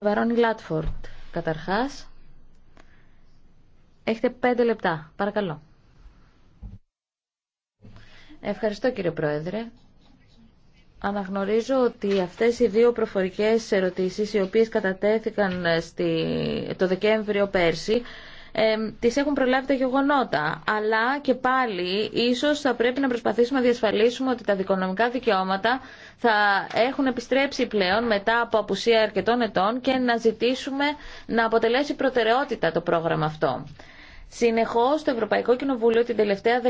Βαρόνι Λάτφορντ, καταρχάς, έχετε πέντε λεπτά. Παρακαλώ. Ευχαριστώ κύριε Πρόεδρε. Αναγνωρίζω ότι αυτές οι δύο προφορικές ερωτήσεις οι οποίες κατατέθηκαν στη... το Δεκέμβριο πέρσι ε, τις έχουν προλάβει τα γεγονότα. Αλλά και πάλι ίσως θα πρέπει να προσπαθήσουμε να διασφαλίσουμε ότι τα δικονομικά δικαιώματα θα έχουν επιστρέψει πλέον μετά από απουσία αρκετών ετών και να ζητήσουμε να αποτελέσει προτεραιότητα το πρόγραμμα αυτό. Συνεχώς το Ευρωπαϊκό Κοινοβούλιο την τελευταία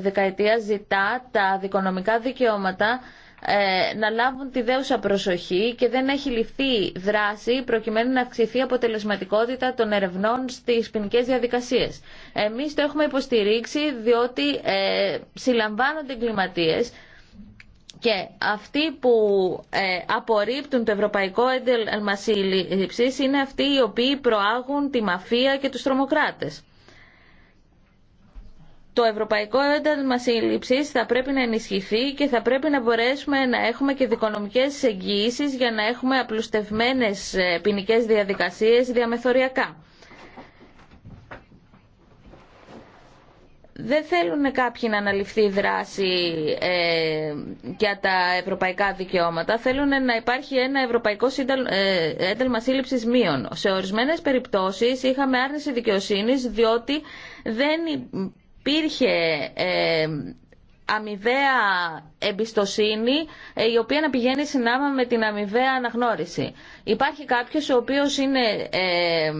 δεκαετία ζητά τα δικονομικά δικαιώματα ε, να λάβουν τη δέουσα προσοχή και δεν έχει ληφθεί δράση προκειμένου να αυξηθεί η αποτελεσματικότητα των ερευνών στις ποινικέ διαδικασίες. Εμείς το έχουμε υποστηρίξει διότι ε, συλλαμβάνονται εγκληματίες και αυτοί που ε, απορρίπτουν το ευρωπαϊκό έντελμα σύλληψης είναι αυτοί οι οποίοι προάγουν τη μαφία και τους τρομοκράτες το ευρωπαϊκό ένταλμα σύλληψη θα πρέπει να ενισχυθεί και θα πρέπει να μπορέσουμε να έχουμε και δικονομικέ εγγυήσει για να έχουμε απλουστευμένε ε, ποινικέ διαδικασίε διαμεθοριακά. Δεν θέλουν κάποιοι να αναλυφθεί δράση ε, για τα ευρωπαϊκά δικαιώματα. Θέλουν να υπάρχει ένα ευρωπαϊκό ε, ένταλμα σύλληψη μείων. Σε ορισμένε περιπτώσει είχαμε άρνηση δικαιοσύνη διότι δεν υπήρχε ε, αμοιβαία εμπιστοσύνη ε, η οποία να πηγαίνει συνάμα με την αμοιβαία αναγνώριση. Υπάρχει κάποιος ο οποίος είναι ε,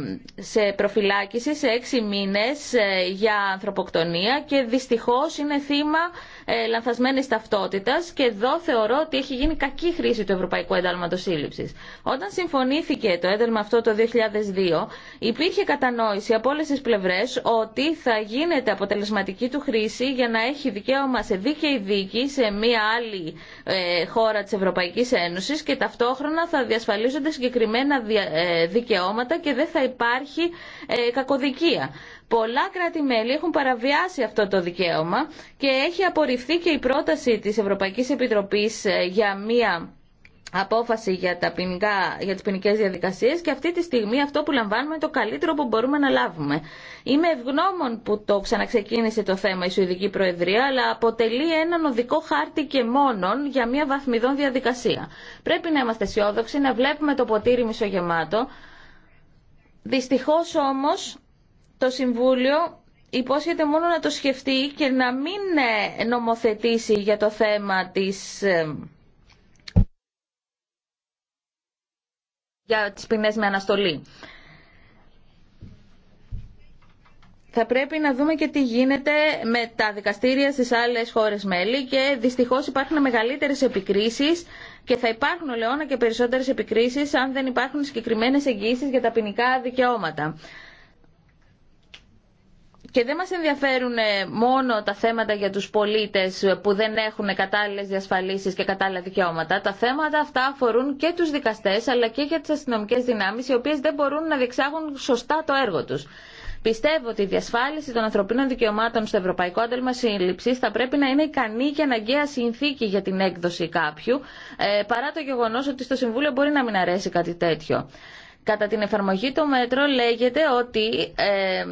σε προφυλάκηση σε έξι μήνες για ανθρωποκτονία και δυστυχώς είναι θύμα ε, Λανθασμένη ταυτότητα και εδώ θεωρώ ότι έχει γίνει κακή χρήση του Ευρωπαϊκού Εντάλματο Σύλληψη. Όταν συμφωνήθηκε το ένταλμα αυτό το 2002 υπήρχε κατανόηση από όλε τι πλευρέ ότι θα γίνεται αποτελεσματική του χρήση για να έχει δικαίωμα σε δίκαιη δίκη σε μια άλλη ε, χώρα τη Ευρωπαϊκή Ένωση και ταυτόχρονα θα διασφαλίζονται συγκεκριμένα ε, δικαιώματα και δεν θα υπάρχει κακοδικία. Πολλά κράτη-μέλη έχουν παραβιάσει αυτό το δικαίωμα και έχει απορριφθεί και η πρόταση της Ευρωπαϊκής Επιτροπής ε, για μία απόφαση για, τα ποινικά, για τις ποινικέ διαδικασίες και αυτή τη στιγμή αυτό που λαμβάνουμε είναι το καλύτερο που μπορούμε να λάβουμε. Είμαι ευγνώμων που το ξαναξεκίνησε το θέμα η Σουηδική Προεδρία, αλλά αποτελεί έναν οδικό χάρτη και μόνον για μια βαθμιδόν διαδικασία. Πρέπει να είμαστε αισιόδοξοι, να βλέπουμε το ποτήρι μισογεμάτο. Δυστυχώς όμως το Συμβούλιο υπόσχεται μόνο να το σκεφτεί και να μην ε, νομοθετήσει για το θέμα της... Ε, για τις ποινές με αναστολή. Θα πρέπει να δούμε και τι γίνεται με τα δικαστήρια στις άλλες χώρες μέλη και δυστυχώς υπάρχουν μεγαλύτερες επικρίσεις και θα υπάρχουν λεώνα και περισσότερες επικρίσεις αν δεν υπάρχουν συγκεκριμένες εγγύσεις για τα ποινικά δικαιώματα και δεν μας ενδιαφέρουν ε, μόνο τα θέματα για τους πολίτες που δεν έχουν κατάλληλες διασφαλίσεις και κατάλληλα δικαιώματα. Τα θέματα αυτά αφορούν και τους δικαστές αλλά και για τις αστυνομικές δυνάμεις οι οποίες δεν μπορούν να διεξάγουν σωστά το έργο τους. Πιστεύω ότι η διασφάλιση των ανθρωπίνων δικαιωμάτων στο Ευρωπαϊκό Άντελμα Σύλληψη θα πρέπει να είναι ικανή και αναγκαία συνθήκη για την έκδοση κάποιου, ε, παρά το γεγονό ότι στο Συμβούλιο μπορεί να μην αρέσει κάτι τέτοιο. Κατά την εφαρμογή του μέτρου λέγεται ότι ε,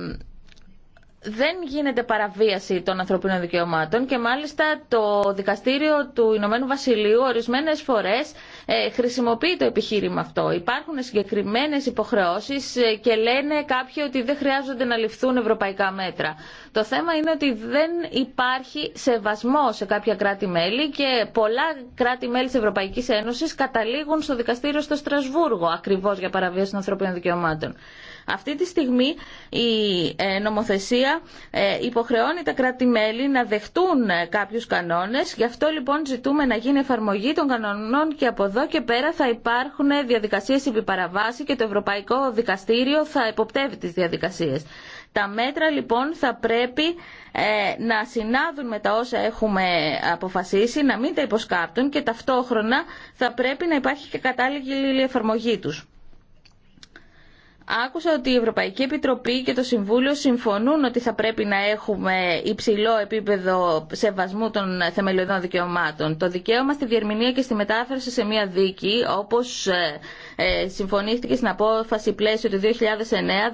δεν γίνεται παραβίαση των ανθρωπίνων δικαιωμάτων και μάλιστα το δικαστήριο του Ηνωμένου Βασιλείου ορισμένες φορές ε, χρησιμοποιεί το επιχείρημα αυτό. Υπάρχουν συγκεκριμένες υποχρεώσεις ε, και λένε κάποιοι ότι δεν χρειάζονται να ληφθούν ευρωπαϊκά μέτρα. Το θέμα είναι ότι δεν υπάρχει σεβασμό σε κάποια κράτη-μέλη και πολλά κράτη-μέλη της Ευρωπαϊκής Ένωσης καταλήγουν στο δικαστήριο στο Στρασβούργο ακριβώς για παραβίαση των ανθρωπίνων δικαιωμάτων. Αυτή τη στιγμή η ε, νομοθεσία ε, υποχρεώνει τα κράτη-μέλη να δεχτούν ε, κάποιους κανόνες. Γι' αυτό λοιπόν ζητούμε να γίνει εφαρμογή των κανονών και από εδώ και πέρα θα υπάρχουν διαδικασίες επιπαραβάση και το Ευρωπαϊκό Δικαστήριο θα υποπτεύει τις διαδικασίες. Τα μέτρα λοιπόν θα πρέπει να συνάδουν με τα όσα έχουμε αποφασίσει, να μην τα υποσκάπτουν και ταυτόχρονα θα πρέπει να υπάρχει και κατάλληλη εφαρμογή τους. Άκουσα ότι η Ευρωπαϊκή Επιτροπή και το Συμβούλιο συμφωνούν ότι θα πρέπει να έχουμε υψηλό επίπεδο σεβασμού των θεμελιωδών δικαιωμάτων. Το δικαίωμα στη διερμηνία και στη μετάφραση σε μία δίκη, όπως ε, ε, συμφωνήθηκε στην απόφαση πλαίσιο του 2009,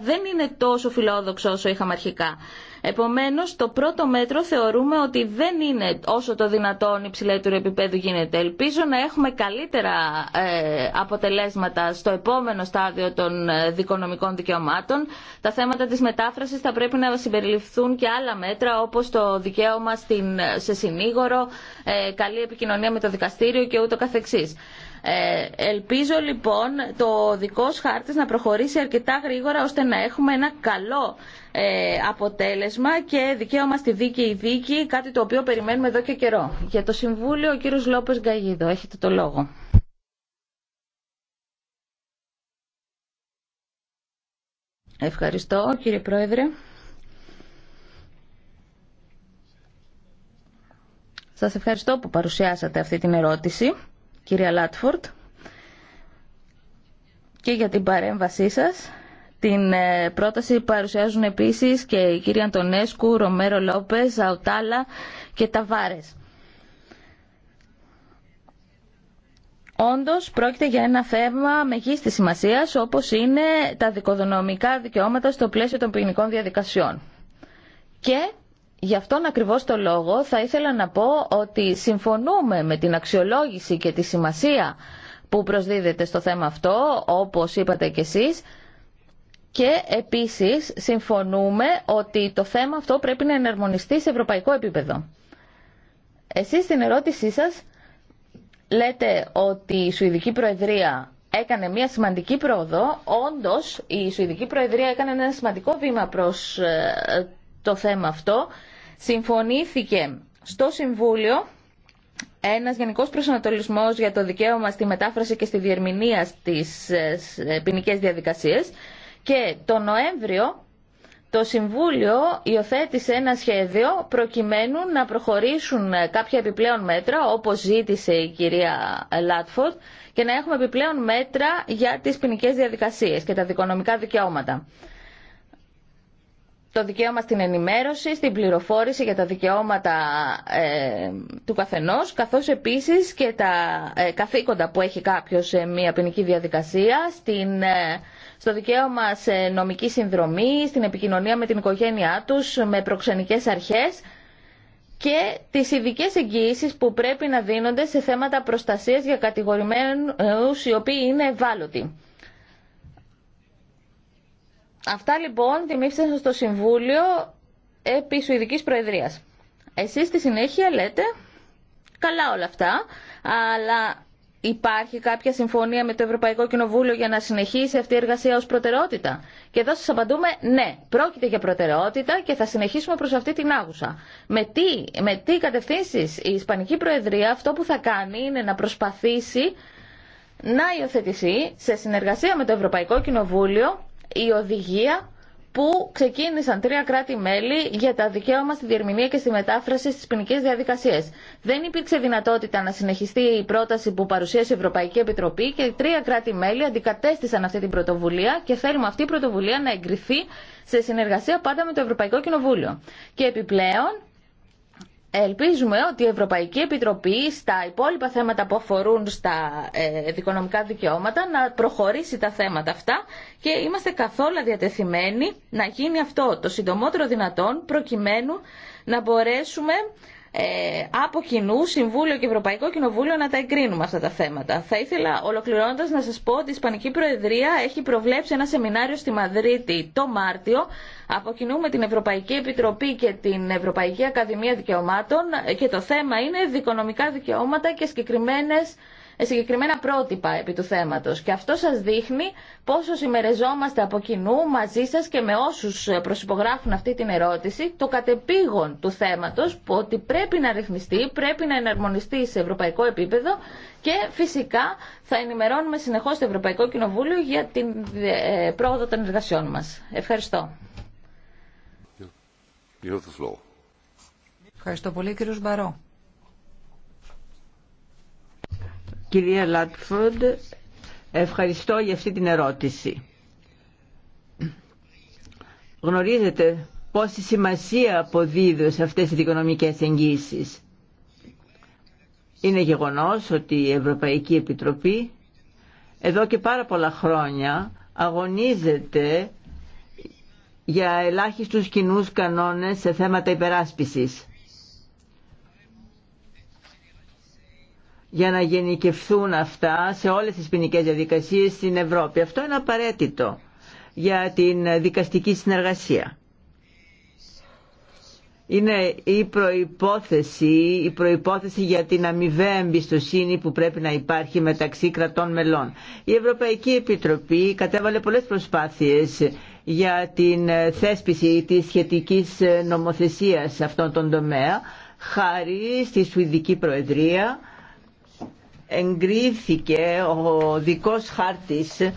δεν είναι τόσο φιλόδοξο όσο είχαμε αρχικά. Επομένως, το πρώτο μέτρο θεωρούμε ότι δεν είναι όσο το δυνατόν υψηλέτερο επίπεδο γίνεται. Ελπίζω να έχουμε καλύτερα ε, αποτελέσματα στο επόμενο στάδιο των ε, δικονομικών δικαιωμάτων. Τα θέματα της μετάφρασης θα πρέπει να συμπεριληφθούν και άλλα μέτρα όπως το δικαίωμα στην, σε συνήγορο, ε, καλή επικοινωνία με το δικαστήριο και ούτω καθεξής. Ε, ελπίζω λοιπόν το δικό χάρτης να προχωρήσει αρκετά γρήγορα ώστε να έχουμε ένα καλό ε, αποτέλεσμα και δικαίωμα στη η δίκη, κάτι το οποίο περιμένουμε εδώ και καιρό. Για το Συμβούλιο ο κύριο Λόπες Γκαγίδο, έχετε το λόγο. Ευχαριστώ κύριε Πρόεδρε. Σας ευχαριστώ που παρουσιάσατε αυτή την ερώτηση κυρία Λάτφορτ, και για την παρέμβασή σας. Την ε, πρόταση παρουσιάζουν επίσης και η κυρία Αντωνέσκου, Ρομέρο Λόπες, Ζαουτάλα και Ταβάρες. Όντως πρόκειται για ένα θέμα μεγίστη σημασίας όπως είναι τα δικοδονομικά δικαιώματα στο πλαίσιο των ποινικών διαδικασιών. Και Γι' αυτόν ακριβώς το λόγο θα ήθελα να πω ότι συμφωνούμε με την αξιολόγηση και τη σημασία που προσδίδεται στο θέμα αυτό, όπως είπατε κι εσείς, και επίσης συμφωνούμε ότι το θέμα αυτό πρέπει να εναρμονιστεί σε ευρωπαϊκό επίπεδο. Εσείς στην ερώτησή σας λέτε ότι η Σουηδική Προεδρία έκανε μια σημαντική πρόοδο. Όντως η Σουηδική Προεδρία έκανε ένα σημαντικό βήμα προς ε, το θέμα αυτό συμφωνήθηκε στο Συμβούλιο ένα γενικό προσανατολισμός για το δικαίωμα στη μετάφραση και στη διερμηνία στις ε, ποινικέ διαδικασίε. και το Νοέμβριο το Συμβούλιο υιοθέτησε ένα σχέδιο προκειμένου να προχωρήσουν ε, κάποια επιπλέον μέτρα, όπως ζήτησε η κυρία Λάτφορντ, και να έχουμε επιπλέον μέτρα για τις ποινικέ διαδικασίες και τα δικονομικά δικαιώματα το δικαίωμα στην ενημέρωση, στην πληροφόρηση για τα δικαιώματα ε, του καθενός, καθώς επίσης και τα ε, καθήκοντα που έχει κάποιος σε μια ποινική διαδικασία, στην, ε, στο δικαίωμα σε νομική συνδρομή, στην επικοινωνία με την οικογένειά τους, με προξενικές αρχές και τις ειδικέ εγγυήσεις που πρέπει να δίνονται σε θέματα προστασίας για κατηγορημένους οι οποίοι είναι ευάλωτοι. Αυτά λοιπόν τιμήθησαν στο Συμβούλιο επί Σουηδικής Προεδρίας. Εσείς στη συνέχεια λέτε, καλά όλα αυτά, αλλά υπάρχει κάποια συμφωνία με το Ευρωπαϊκό Κοινοβούλιο για να συνεχίσει αυτή η εργασία ως προτεραιότητα. Και εδώ σας απαντούμε, ναι, πρόκειται για προτεραιότητα και θα συνεχίσουμε προς αυτή την άγουσα. Με τι, με τι κατευθύνσεις η Ισπανική Προεδρία αυτό που θα κάνει είναι να προσπαθήσει να υιοθετηθεί σε συνεργασία με το Ευρωπαϊκό Κοινοβούλιο η οδηγία που ξεκίνησαν τρία κράτη-μέλη για τα δικαίωμα στη διερμηνία και στη μετάφραση στις ποινικέ διαδικασίε. Δεν υπήρξε δυνατότητα να συνεχιστεί η πρόταση που παρουσίασε η Ευρωπαϊκή Επιτροπή και τρία κράτη-μέλη αντικατέστησαν αυτή την πρωτοβουλία και θέλουμε αυτή η πρωτοβουλία να εγκριθεί σε συνεργασία πάντα με το Ευρωπαϊκό Κοινοβούλιο. Και επιπλέον Ελπίζουμε ότι η Ευρωπαϊκή Επιτροπή στα υπόλοιπα θέματα που αφορούν στα ε, δικονομικά δικαιώματα να προχωρήσει τα θέματα αυτά και είμαστε καθόλου διατεθειμένοι να γίνει αυτό το συντομότερο δυνατόν προκειμένου να μπορέσουμε ε, από κοινού Συμβούλιο και Ευρωπαϊκό Κοινοβούλιο να τα εγκρίνουμε αυτά τα θέματα. Θα ήθελα ολοκληρώνοντας να σας πω ότι η Ισπανική Προεδρία έχει προβλέψει ένα σεμινάριο στη Μαδρίτη το Μάρτιο από κοινού με την Ευρωπαϊκή Επιτροπή και την Ευρωπαϊκή Ακαδημία Δικαιωμάτων ε, και το θέμα είναι δικονομικά δικαιώματα και συγκεκριμένε. Ε, συγκεκριμένα πρότυπα επί του θέματος. Και αυτό σας δείχνει πόσο συμμερεζόμαστε από κοινού μαζί σας και με όσους ε, προσυπογράφουν αυτή την ερώτηση το κατεπήγον του θέματος που ότι πρέπει να ρυθμιστεί, πρέπει να εναρμονιστεί σε ευρωπαϊκό επίπεδο και φυσικά θα ενημερώνουμε συνεχώς το Ευρωπαϊκό Κοινοβούλιο για την ε, πρόοδο των εργασιών μας. Ευχαριστώ. Ευχαριστώ πολύ Μπαρό. Κυρία Λάτφορντ, ευχαριστώ για αυτή την ερώτηση. Γνωρίζετε πόση σημασία αποδίδω σε αυτές τις οικονομικές εγγύσεις. Είναι γεγονός ότι η Ευρωπαϊκή Επιτροπή εδώ και πάρα πολλά χρόνια αγωνίζεται για ελάχιστους κοινούς κανόνες σε θέματα υπεράσπισης. για να γενικευθούν αυτά σε όλες τις ποινικέ διαδικασίες στην Ευρώπη. Αυτό είναι απαραίτητο για την δικαστική συνεργασία. Είναι η προϋπόθεση, η προϋπόθεση για την αμοιβαία εμπιστοσύνη που πρέπει να υπάρχει μεταξύ κρατών μελών. Η Ευρωπαϊκή Επιτροπή κατέβαλε πολλές προσπάθειες για την θέσπιση της σχετικής νομοθεσίας σε αυτόν τον τομέα, χάρη στη Σουηδική Προεδρία εγκρίθηκε ο δικός χάρτης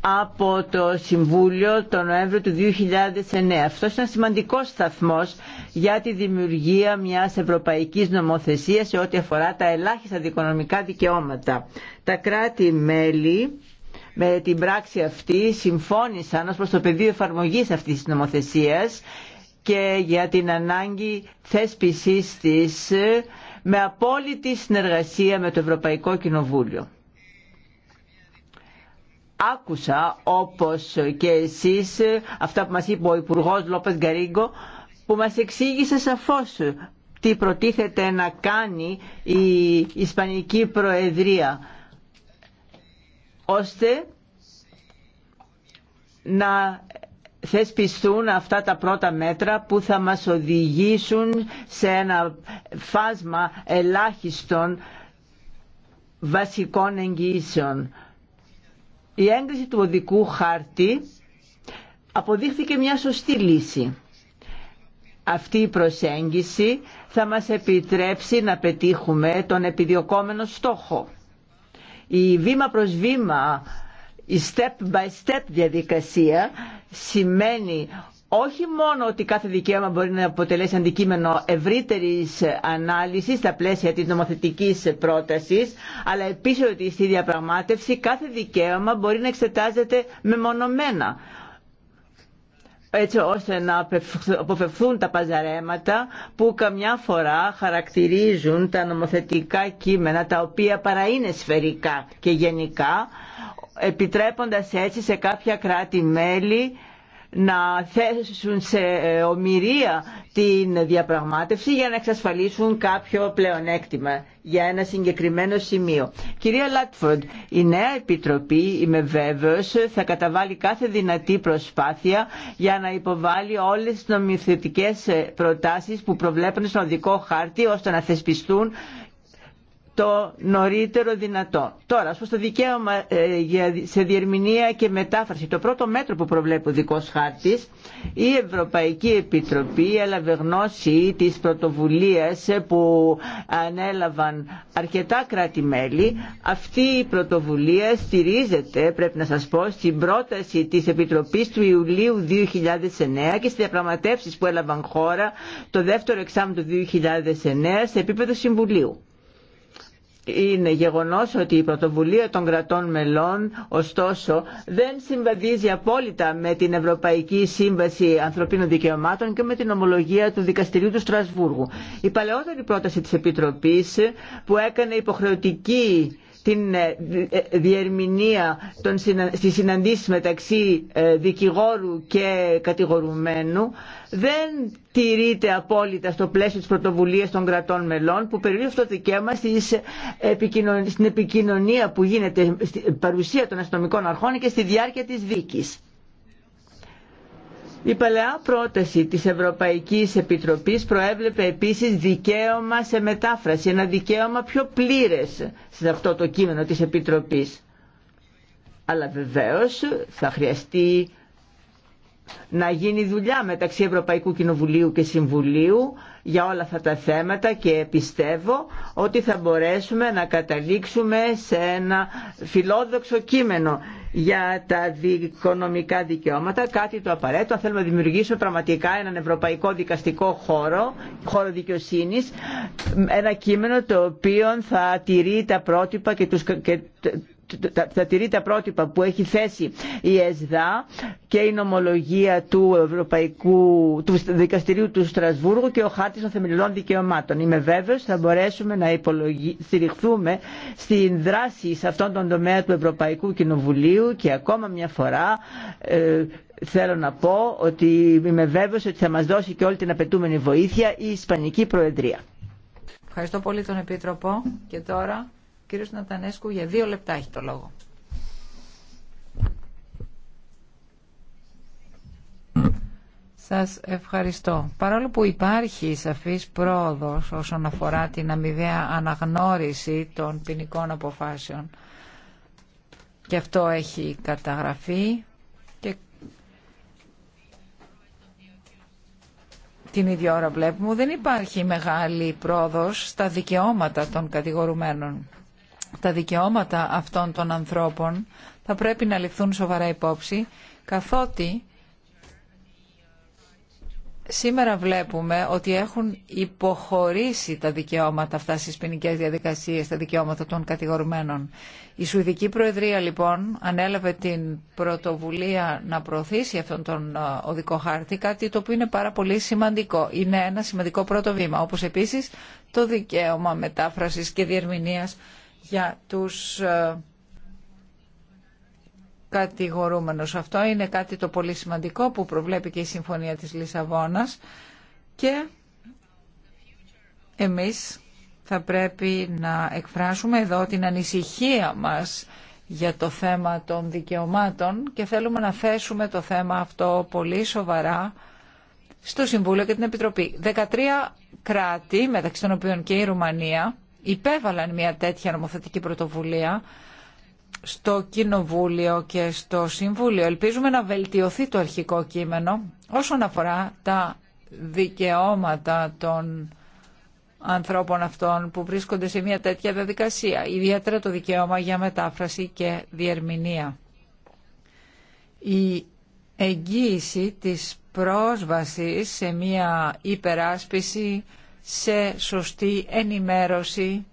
από το Συμβούλιο το Νοέμβριο του 2009. Αυτό είναι ένα σημαντικό σταθμό για τη δημιουργία μιας ευρωπαϊκής νομοθεσίας σε ό,τι αφορά τα ελάχιστα δικονομικά δικαιώματα. Τα κράτη-μέλη με την πράξη αυτή συμφώνησαν ως προς το πεδίο εφαρμογής αυτής της νομοθεσίας και για την ανάγκη θέσπισής της με απόλυτη συνεργασία με το Ευρωπαϊκό Κοινοβούλιο. Άκουσα όπως και εσείς αυτά που μας είπε ο Υπουργός Λόπες Γκαρίγκο που μας εξήγησε σαφώς τι προτίθεται να κάνει η Ισπανική Προεδρία ώστε να θεσπιστούν αυτά τα πρώτα μέτρα που θα μας οδηγήσουν σε ένα φάσμα ελάχιστων βασικών εγγύσεων. Η έγκριση του οδικού χάρτη αποδείχθηκε μια σωστή λύση. Αυτή η προσέγγιση θα μας επιτρέψει να πετύχουμε τον επιδιωκόμενο στόχο. Η βήμα προς βήμα, η step by step διαδικασία σημαίνει όχι μόνο ότι κάθε δικαίωμα μπορεί να αποτελέσει αντικείμενο ευρύτερης ανάλυσης στα πλαίσια της νομοθετικής πρότασης, αλλά επίσης ότι στη διαπραγμάτευση κάθε δικαίωμα μπορεί να εξετάζεται μεμονωμένα έτσι ώστε να αποφευθούν τα παζαρέματα που καμιά φορά χαρακτηρίζουν τα νομοθετικά κείμενα τα οποία παρά είναι σφαιρικά και γενικά επιτρέποντας έτσι σε κάποια κράτη-μέλη να θέσουν σε ε, ομοιρία την διαπραγμάτευση για να εξασφαλίσουν κάποιο πλεονέκτημα για ένα συγκεκριμένο σημείο. Κυρία Λάτφορντ, η νέα Επιτροπή, είμαι βέβαιος, θα καταβάλει κάθε δυνατή προσπάθεια για να υποβάλει όλες τις νομιθετικές ε, προτάσεις που προβλέπουν στον οδικό χάρτη ώστε να θεσπιστούν το νωρίτερο δυνατό. Τώρα, στο δικαίωμα ε, σε διερμηνία και μετάφραση, το πρώτο μέτρο που προβλέπει ο δικός χάρτης, η Ευρωπαϊκή Επιτροπή έλαβε γνώση της πρωτοβουλίας που ανέλαβαν αρκετά κράτη-μέλη. Αυτή η πρωτοβουλία στηρίζεται, πρέπει να σας πω, στην πρόταση της Επιτροπής του Ιουλίου 2009 και στις διαπραγματεύσεις που έλαβαν χώρα το δεύτερο εξάμεινο του 2009 σε επίπεδο Συμβουλίου. Είναι γεγονός ότι η πρωτοβουλία των κρατών μελών, ωστόσο, δεν συμβαδίζει απόλυτα με την Ευρωπαϊκή Σύμβαση Ανθρωπίνων Δικαιωμάτων και με την ομολογία του Δικαστηρίου του Στρασβούργου. Η παλαιότερη πρόταση της Επιτροπής που έκανε υποχρεωτική την ε, ε, διερμηνία των, στις συναντήσεις μεταξύ ε, δικηγόρου και κατηγορουμένου δεν τηρείται απόλυτα στο πλαίσιο της πρωτοβουλίας των κρατών μελών που περιορίζει αυτό το δικαίωμα στην επικοινωνία που γίνεται στην παρουσία των αστυνομικών αρχών και στη διάρκεια της δίκης. Η παλαιά πρόταση της Ευρωπαϊκής Επιτροπής προέβλεπε επίσης δικαίωμα σε μετάφραση, ένα δικαίωμα πιο πλήρες σε αυτό το κείμενο της Επιτροπής. Αλλά βεβαίως θα χρειαστεί να γίνει δουλειά μεταξύ Ευρωπαϊκού Κοινοβουλίου και Συμβουλίου για όλα αυτά τα θέματα και πιστεύω ότι θα μπορέσουμε να καταλήξουμε σε ένα φιλόδοξο κείμενο για τα δικονομικά δικαιώματα, κάτι το απαραίτητο. θέλουμε να δημιουργήσουμε πραγματικά έναν ευρωπαϊκό δικαστικό χώρο, χώρο δικαιοσύνης, ένα κείμενο το οποίο θα τηρεί τα πρότυπα και, τους, θα τα τηρεί τα πρότυπα που έχει θέσει η ΕΣΔΑ και η νομολογία του Ευρωπαϊκού του Δικαστηρίου του Στρασβούργου και ο χάρτης των θεμελιωδών δικαιωμάτων. Είμαι βέβαιος θα μπορέσουμε να στηριχθούμε στην δράση σε αυτόν τον τομέα του Ευρωπαϊκού Κοινοβουλίου και ακόμα μια φορά ε, θέλω να πω ότι είμαι βέβαιος ότι θα μας δώσει και όλη την απαιτούμενη βοήθεια η Ισπανική Προεδρία. Ευχαριστώ πολύ τον Επίτροπο και τώρα κύριος Νατανέσκου για δύο λεπτά έχει το λόγο. Σας ευχαριστώ. Παρόλο που υπάρχει σαφής πρόοδος όσον αφορά την αμοιβαία αναγνώριση των ποινικών αποφάσεων και αυτό έχει καταγραφεί και την ίδια ώρα βλέπουμε δεν υπάρχει μεγάλη πρόοδος στα δικαιώματα των κατηγορουμένων τα δικαιώματα αυτών των ανθρώπων θα πρέπει να ληφθούν σοβαρά υπόψη, καθότι σήμερα βλέπουμε ότι έχουν υποχωρήσει τα δικαιώματα αυτά στις ποινικέ διαδικασίες, τα δικαιώματα των κατηγορουμένων. Η Σουηδική Προεδρία λοιπόν ανέλαβε την πρωτοβουλία να προωθήσει αυτόν τον ε, οδικό χάρτη, κάτι το οποίο είναι πάρα πολύ σημαντικό. Είναι ένα σημαντικό πρώτο βήμα, όπως επίσης το δικαίωμα μετάφρασης και διερμηνίας για τους ε, κατηγορούμενους. Αυτό είναι κάτι το πολύ σημαντικό που προβλέπει και η Συμφωνία της Λισαβόνας και εμείς θα πρέπει να εκφράσουμε εδώ την ανησυχία μας για το θέμα των δικαιωμάτων και θέλουμε να θέσουμε το θέμα αυτό πολύ σοβαρά στο Συμβούλιο και την Επιτροπή. 13 κράτη, μεταξύ των οποίων και η Ρουμανία, υπέβαλαν μια τέτοια νομοθετική πρωτοβουλία στο Κοινοβούλιο και στο Συμβούλιο. Ελπίζουμε να βελτιωθεί το αρχικό κείμενο όσον αφορά τα δικαιώματα των ανθρώπων αυτών που βρίσκονται σε μια τέτοια διαδικασία, ιδιαίτερα το δικαίωμα για μετάφραση και διερμηνία. Η εγγύηση της πρόσβασης σε μια υπεράσπιση σε σωστή ενημέρωση,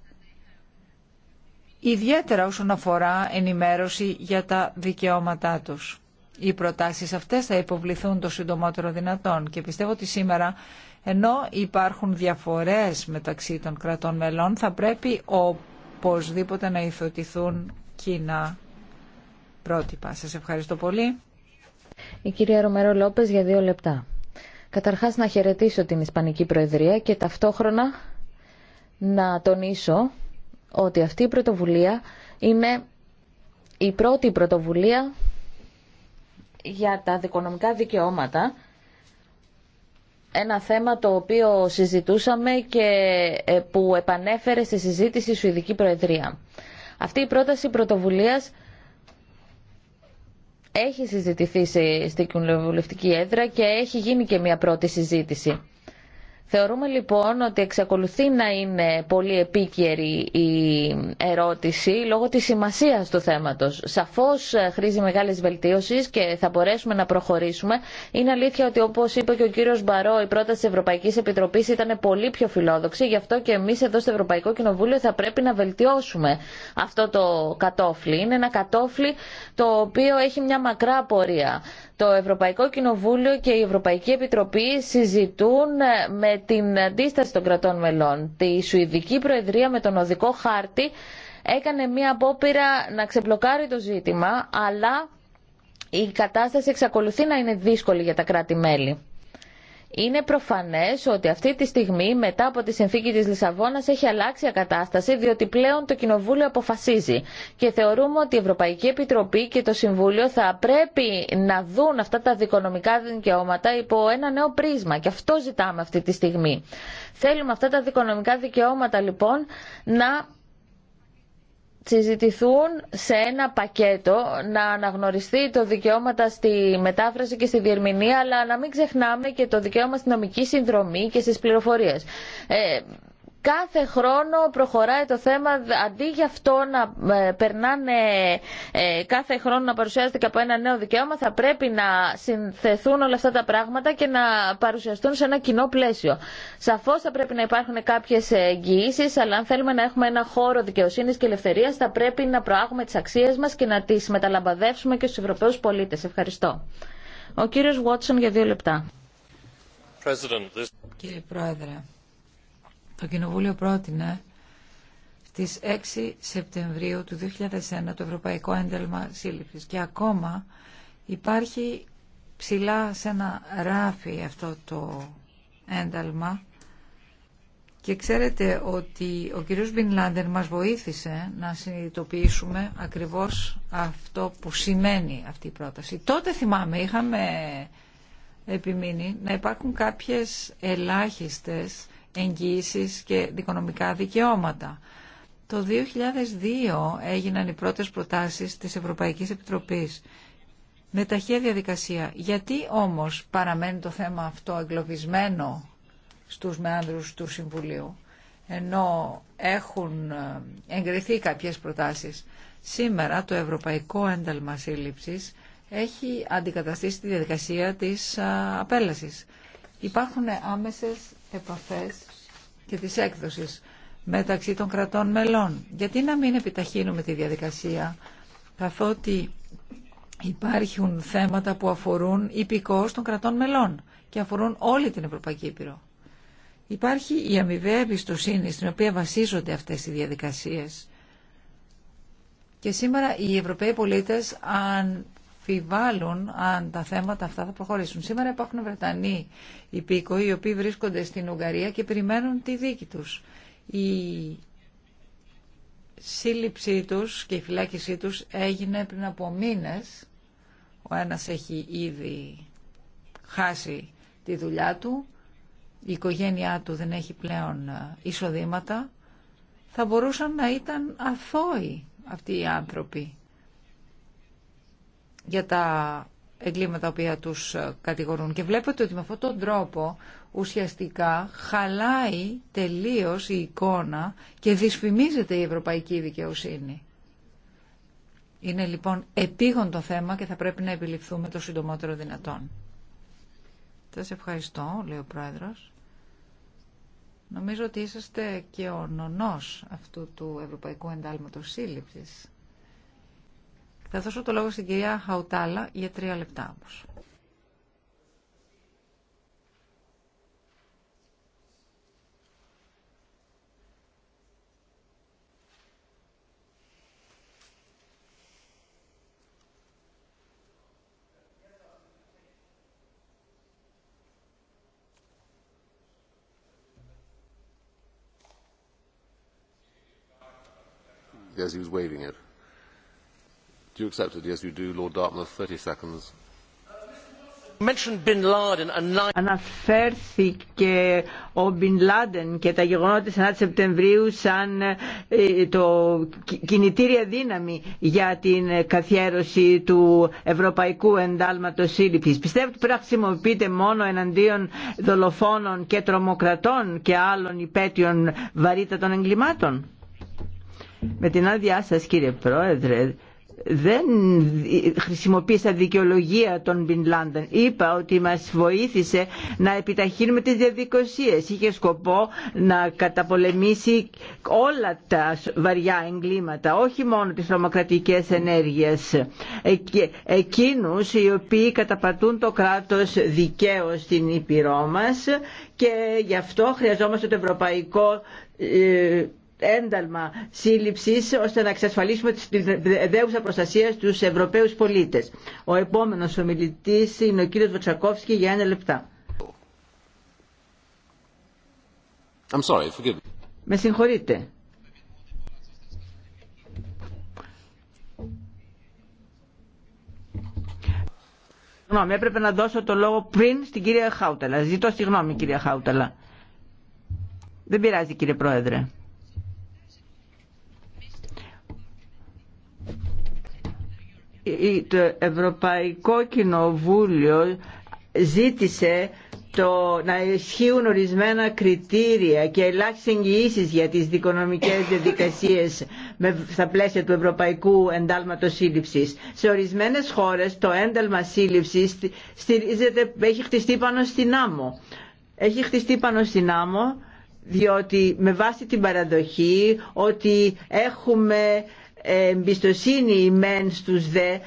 ιδιαίτερα όσον αφορά ενημέρωση για τα δικαιώματά τους. Οι προτάσεις αυτές θα υποβληθούν το συντομότερο δυνατόν και πιστεύω ότι σήμερα ενώ υπάρχουν διαφορές μεταξύ των κρατών μελών θα πρέπει οπωσδήποτε να ιθωτηθούν κοινά πρότυπα. Σας ευχαριστώ πολύ. Η κυρία Ρομέρο Λόπες για δύο λεπτά. Καταρχάς να χαιρετήσω την Ισπανική Προεδρία και ταυτόχρονα να τονίσω ότι αυτή η πρωτοβουλία είναι η πρώτη πρωτοβουλία για τα δικονομικά δικαιώματα ένα θέμα το οποίο συζητούσαμε και ε, που επανέφερε στη συζήτηση η Σουηδική Προεδρία. Αυτή η πρόταση πρωτοβουλίας έχει συζητηθεί στην κοινοβουλευτική έδρα και έχει γίνει και μια πρώτη συζήτηση. Θεωρούμε λοιπόν ότι εξακολουθεί να είναι πολύ επίκαιρη η ερώτηση λόγω της σημασίας του θέματος. Σαφώς ε, χρήζει μεγάλες βελτίωσεις και θα μπορέσουμε να προχωρήσουμε. Είναι αλήθεια ότι όπως είπε και ο κύριος Μπαρό η πρόταση της Ευρωπαϊκής Επιτροπής ήταν πολύ πιο φιλόδοξη γι' αυτό και εμείς εδώ στο Ευρωπαϊκό Κοινοβούλιο θα πρέπει να βελτιώσουμε αυτό το κατόφλι. Είναι ένα κατόφλι το οποίο έχει μια μακρά πορεία. Το Ευρωπαϊκό Κοινοβούλιο και η Ευρωπαϊκή Επιτροπή συζητούν ε, με την αντίσταση των κρατών μελών. Τη Σουηδική Προεδρία με τον οδικό χάρτη έκανε μία απόπειρα να ξεπλοκάρει το ζήτημα, αλλά η κατάσταση εξακολουθεί να είναι δύσκολη για τα κράτη-μέλη. Είναι προφανές ότι αυτή τη στιγμή μετά από τη συνθήκη της Λισαβόνας έχει αλλάξει η κατάσταση διότι πλέον το Κοινοβούλιο αποφασίζει και θεωρούμε ότι η Ευρωπαϊκή Επιτροπή και το Συμβούλιο θα πρέπει να δουν αυτά τα δικονομικά δικαιώματα υπό ένα νέο πρίσμα και αυτό ζητάμε αυτή τη στιγμή. Θέλουμε αυτά τα δικονομικά δικαιώματα λοιπόν να συζητηθούν σε ένα πακέτο να αναγνωριστεί το δικαίωμα στη μετάφραση και στη διερμηνία αλλά να μην ξεχνάμε και το δικαίωμα στην νομική συνδρομή και στις πληροφορίες. Ε, κάθε χρόνο προχωράει το θέμα αντί για αυτό να ε, περνάνε ε, κάθε χρόνο να παρουσιάζεται και από ένα νέο δικαίωμα θα πρέπει να συνθεθούν όλα αυτά τα πράγματα και να παρουσιαστούν σε ένα κοινό πλαίσιο. Σαφώς θα πρέπει να υπάρχουν κάποιες εγγυήσεις αλλά αν θέλουμε να έχουμε ένα χώρο δικαιοσύνης και ελευθερίας θα πρέπει να προάγουμε τις αξίες μας και να τις μεταλαμπαδεύσουμε και στους Ευρωπαίους πολίτες. Ευχαριστώ. Ο κύριος Βότσον για δύο λεπτά. Κύριε Πρόεδρε, το Κοινοβούλιο πρότεινε στις 6 Σεπτεμβρίου του 2001 το Ευρωπαϊκό Ένταλμα Σύλληψης και ακόμα υπάρχει ψηλά σε ένα ράφι αυτό το ένταλμα και ξέρετε ότι ο κύριος Μπιν Λάντερ μας βοήθησε να συνειδητοποιήσουμε ακριβώς αυτό που σημαίνει αυτή η πρόταση. Τότε θυμάμαι, είχαμε επιμείνει να υπάρχουν κάποιες ελάχιστες εγγύησης και δικονομικά δικαιώματα. Το 2002 έγιναν οι πρώτες προτάσεις της Ευρωπαϊκής Επιτροπής με ταχεία διαδικασία. Γιατί όμως παραμένει το θέμα αυτό εγκλωβισμένο στους μεάνδρους του Συμβουλίου, ενώ έχουν ε, εγκριθεί κάποιες προτάσεις. Σήμερα το Ευρωπαϊκό Ένταλμα Σύλληψης έχει αντικαταστήσει τη διαδικασία της ε, απέλασης. Υπάρχουν άμεσες επαφές και της έκδοσης μεταξύ των κρατών μελών. Γιατί να μην επιταχύνουμε τη διαδικασία, καθότι υπάρχουν θέματα που αφορούν υπηκός των κρατών μελών και αφορούν όλη την Ευρωπαϊκή Ήπειρο. Υπάρχει η αμοιβαία εμπιστοσύνη στην οποία βασίζονται αυτές οι διαδικασίες. Και σήμερα οι Ευρωπαίοι πολίτες αν αμφιβάλλουν αν τα θέματα αυτά θα προχωρήσουν. Σήμερα υπάρχουν Βρετανοί υπήκοοι οι οποίοι βρίσκονται στην Ουγγαρία και περιμένουν τη δίκη τους. Η σύλληψή τους και η φυλάκισή τους έγινε πριν από μήνες. Ο ένας έχει ήδη χάσει τη δουλειά του, η οικογένειά του δεν έχει πλέον ε, εισοδήματα. Θα μπορούσαν να ήταν αθώοι αυτοί οι άνθρωποι για τα εγκλήματα οποία τους κατηγορούν. Και βλέπετε ότι με αυτόν τον τρόπο ουσιαστικά χαλάει τελείως η εικόνα και δυσφημίζεται η ευρωπαϊκή δικαιοσύνη. Είναι λοιπόν επίγον το θέμα και θα πρέπει να επιληφθούμε το συντομότερο δυνατόν. Σα ευχαριστώ, λέει ο Πρόεδρος. Νομίζω ότι είσαστε και ο νονός αυτού του Ευρωπαϊκού Εντάλματος Σύλληψης. Θα δώσω το λόγο στην κυρία Χαουτάλα για τρία λεπτά όμως. Yes, he was waving it. Do you accept Αναφέρθηκε ο Μπιν Λάντεν και τα γεγονότα της 9 Σεπτεμβρίου σαν ε, το κινητήρια δύναμη για την καθιέρωση του Ευρωπαϊκού Εντάλματος Σύλληψης. Πιστεύω ότι πρέπει να χρησιμοποιείται μόνο εναντίον δολοφόνων και τρομοκρατών και άλλων υπέτειων βαρύτατων εγκλημάτων. Με την άδειά σας κύριε Πρόεδρε, δεν χρησιμοποίησα δικαιολογία των Μπιν Λάντεν. Είπα ότι μας βοήθησε να επιταχύνουμε τις διαδικασίες. Είχε σκοπό να καταπολεμήσει όλα τα βαριά εγκλήματα, όχι μόνο τις τρομοκρατικές ενέργειες. Εκείνους οι οποίοι καταπατούν το κράτος δικαίω στην Ήπειρό μας και γι' αυτό χρειαζόμαστε το ευρωπαϊκό ε, ένταλμα σύλληψης ώστε να εξασφαλίσουμε τη δέουσα προστασία στου Ευρωπαίου πολίτε. Ο επόμενος ομιλητής είναι ο κύριο Βοτσακόφσκι για ένα λεπτά. I'm sorry, forgive me. Με συγχωρείτε. Συγγνώμη, έπρεπε να δώσω το λόγο πριν στην κυρία Χάουταλα. Ζητώ συγγνώμη κυρία Χάουταλα. Δεν πειράζει κύριε Πρόεδρε. το Ευρωπαϊκό Κοινοβούλιο ζήτησε το να ισχύουν ορισμένα κριτήρια και ελάχιστε εγγυήσει για τις δικονομικέ διαδικασίες στα πλαίσια του Ευρωπαϊκού Εντάλματος Σύλληψη. Σε ορισμένε χώρες το ένταλμα σύλληψη έχει χτιστεί πάνω στην άμμο. Έχει χτιστεί πάνω στην άμμο διότι με βάση την παραδοχή ότι έχουμε εμπιστοσύνη μεν στους δε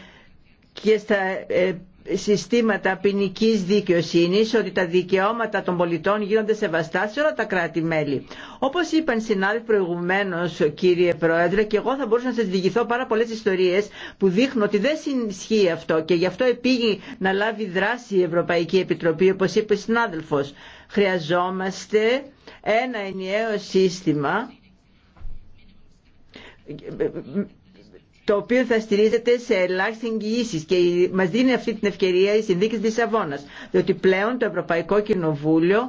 και στα ε, συστήματα ποινική δικαιοσύνη ότι τα δικαιώματα των πολιτών γίνονται σεβαστά σε όλα τα κράτη-μέλη. Όπω είπαν συνάδελφοι προηγουμένω, κύριε Πρόεδρε, και εγώ θα μπορούσα να σα διηγηθώ πάρα πολλέ ιστορίε που δείχνουν ότι δεν συνισχύει αυτό και γι' αυτό επήγει να λάβει δράση η Ευρωπαϊκή Επιτροπή, όπω είπε ο συνάδελφο. Χρειαζόμαστε ένα ενιαίο σύστημα το οποίο θα στηρίζεται σε ελάχιστε εγγυήσει και μα δίνει αυτή την ευκαιρία η συνδίκη τη Λισαβόνα. Διότι πλέον το Ευρωπαϊκό Κοινοβούλιο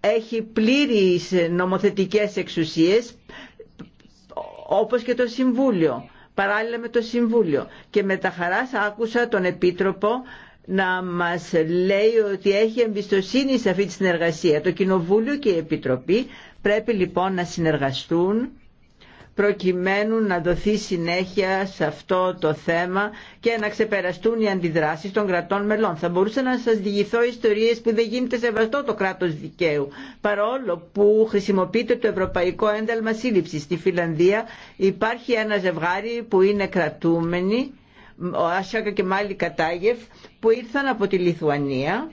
έχει πλήρε νομοθετικέ εξουσίε όπως και το Συμβούλιο, παράλληλα με το Συμβούλιο. Και με τα χαράς άκουσα τον Επίτροπο να μας λέει ότι έχει εμπιστοσύνη σε αυτή τη συνεργασία. Το Κοινοβούλιο και η Επιτροπή πρέπει λοιπόν να συνεργαστούν προκειμένου να δοθεί συνέχεια σε αυτό το θέμα και να ξεπεραστούν οι αντιδράσεις των κρατών μελών. Θα μπορούσα να σας διηγηθώ ιστορίες που δεν γίνεται σεβαστό το κράτος δικαίου, παρόλο που χρησιμοποιείται το Ευρωπαϊκό Ένταλμα Σύλληψης. Στη Φιλανδία υπάρχει ένα ζευγάρι που είναι κρατούμενοι, ο Άσιακα και Μάλι Κατάγεφ, που ήρθαν από τη Λιθουανία,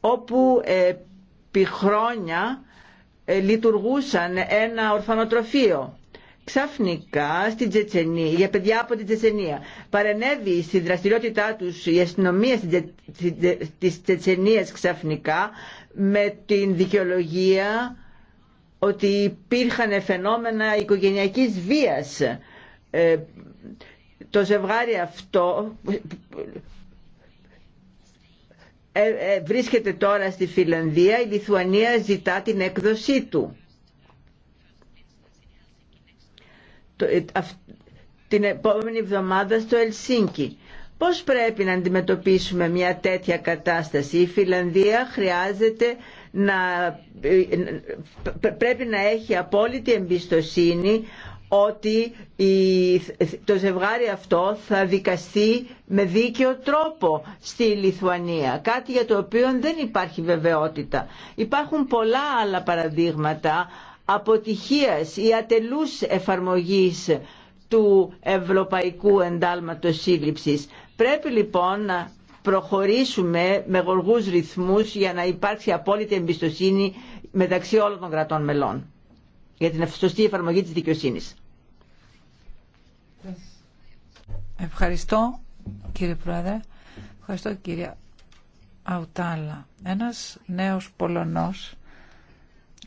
όπου επί χρόνια ε, λειτουργούσαν ένα ορφανοτροφείο. Ξαφνικά στην Τσετσενία για παιδιά από την Τσετσενία παρενέβη στη δραστηριότητά τους η αστυνομία της Τσετσενίας ξαφνικά με την δικαιολογία ότι υπήρχαν φαινόμενα οικογενειακής βίας. Ε, το ζευγάρι αυτό ε, ε, βρίσκεται τώρα στη Φιλανδία, η Λιθουανία ζητά την έκδοσή του. Ε, την επόμενη εβδομάδα στο Ελσίνκι. Πώς πρέπει να αντιμετωπίσουμε μια τέτοια κατάσταση. Η Φιλανδία χρειάζεται να, πρέπει να έχει απόλυτη εμπιστοσύνη ότι το ζευγάρι αυτό θα δικαστεί με δίκαιο τρόπο στη Λιθουανία, κάτι για το οποίο δεν υπάρχει βεβαιότητα. Υπάρχουν πολλά άλλα παραδείγματα αποτυχίας ή ατελούς εφαρμογής του Ευρωπαϊκού Εντάλματος Σύλληψης. Πρέπει λοιπόν να προχωρήσουμε με γοργούς ρυθμούς για να υπάρξει απόλυτη εμπιστοσύνη μεταξύ όλων των κρατών μελών για την σωστή εφαρμογή της δικαιοσύνης. Ευχαριστώ κύριε Πρόεδρε. Ευχαριστώ κύριε Αουτάλα. Ένας νέος Πολωνός